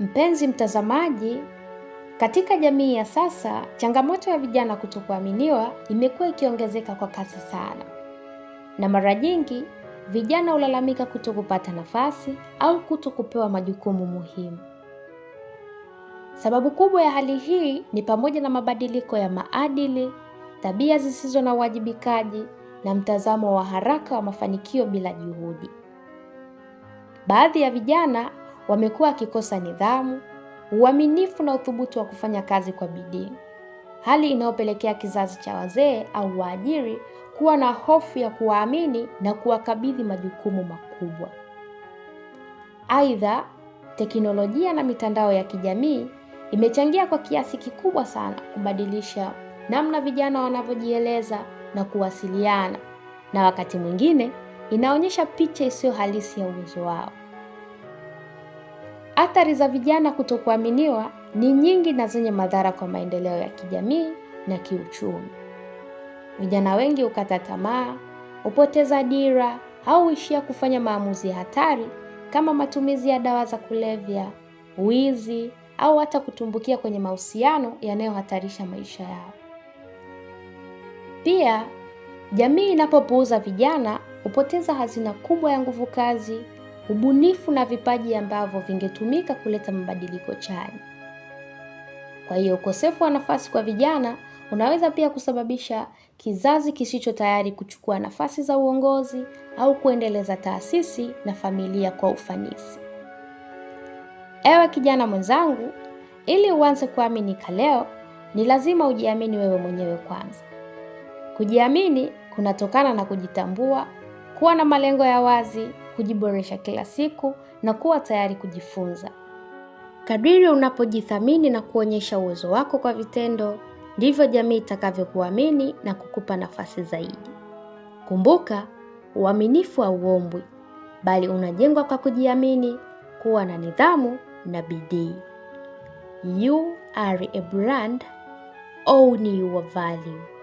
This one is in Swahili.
Mpenzi mtazamaji, katika jamii ya sasa, changamoto ya vijana kutokuaminiwa imekuwa ikiongezeka kwa kasi sana, na mara nyingi vijana hulalamika kuto kupata nafasi au kuto kupewa majukumu muhimu. Sababu kubwa ya hali hii ni pamoja na mabadiliko ya maadili, tabia zisizo na uwajibikaji na mtazamo wa haraka wa mafanikio bila juhudi. Baadhi ya vijana wamekuwa wakikosa nidhamu, uaminifu na uthubutu wa kufanya kazi kwa bidii, hali inayopelekea kizazi cha wazee au waajiri kuwa na hofu ya kuwaamini na kuwakabidhi majukumu makubwa. Aidha, teknolojia na mitandao ya kijamii imechangia kwa kiasi kikubwa sana kubadilisha namna vijana wanavyojieleza na kuwasiliana, na wakati mwingine inaonyesha picha isiyo halisi ya uwezo wao. Athari za vijana kutokuaminiwa ni nyingi na zenye madhara kwa maendeleo ya kijamii na kiuchumi. Vijana wengi hukata tamaa, hupoteza dira au huishia kufanya maamuzi hatari kama matumizi ya dawa za kulevya, wizi au hata kutumbukia kwenye mahusiano yanayohatarisha maisha yao. Pia, jamii inapopuuza vijana hupoteza hazina kubwa ya nguvu kazi, ubunifu na vipaji ambavyo vingetumika kuleta mabadiliko chanya. Kwa hiyo ukosefu wa nafasi kwa vijana unaweza pia kusababisha kizazi kisicho tayari kuchukua nafasi za uongozi au kuendeleza taasisi na familia kwa ufanisi. Ewe kijana mwenzangu, ili uanze kuaminika leo, ni lazima ujiamini wewe mwenyewe kwanza. Kujiamini kunatokana na kujitambua, kuwa na malengo ya wazi kujiboresha kila siku na kuwa tayari kujifunza. Kadiri unapojithamini na kuonyesha uwezo wako kwa vitendo, ndivyo jamii itakavyokuamini na kukupa nafasi zaidi. Kumbuka, uaminifu hauombwi, bali unajengwa kwa kujiamini, kuwa na nidhamu na bidii. You are a brand, own your value.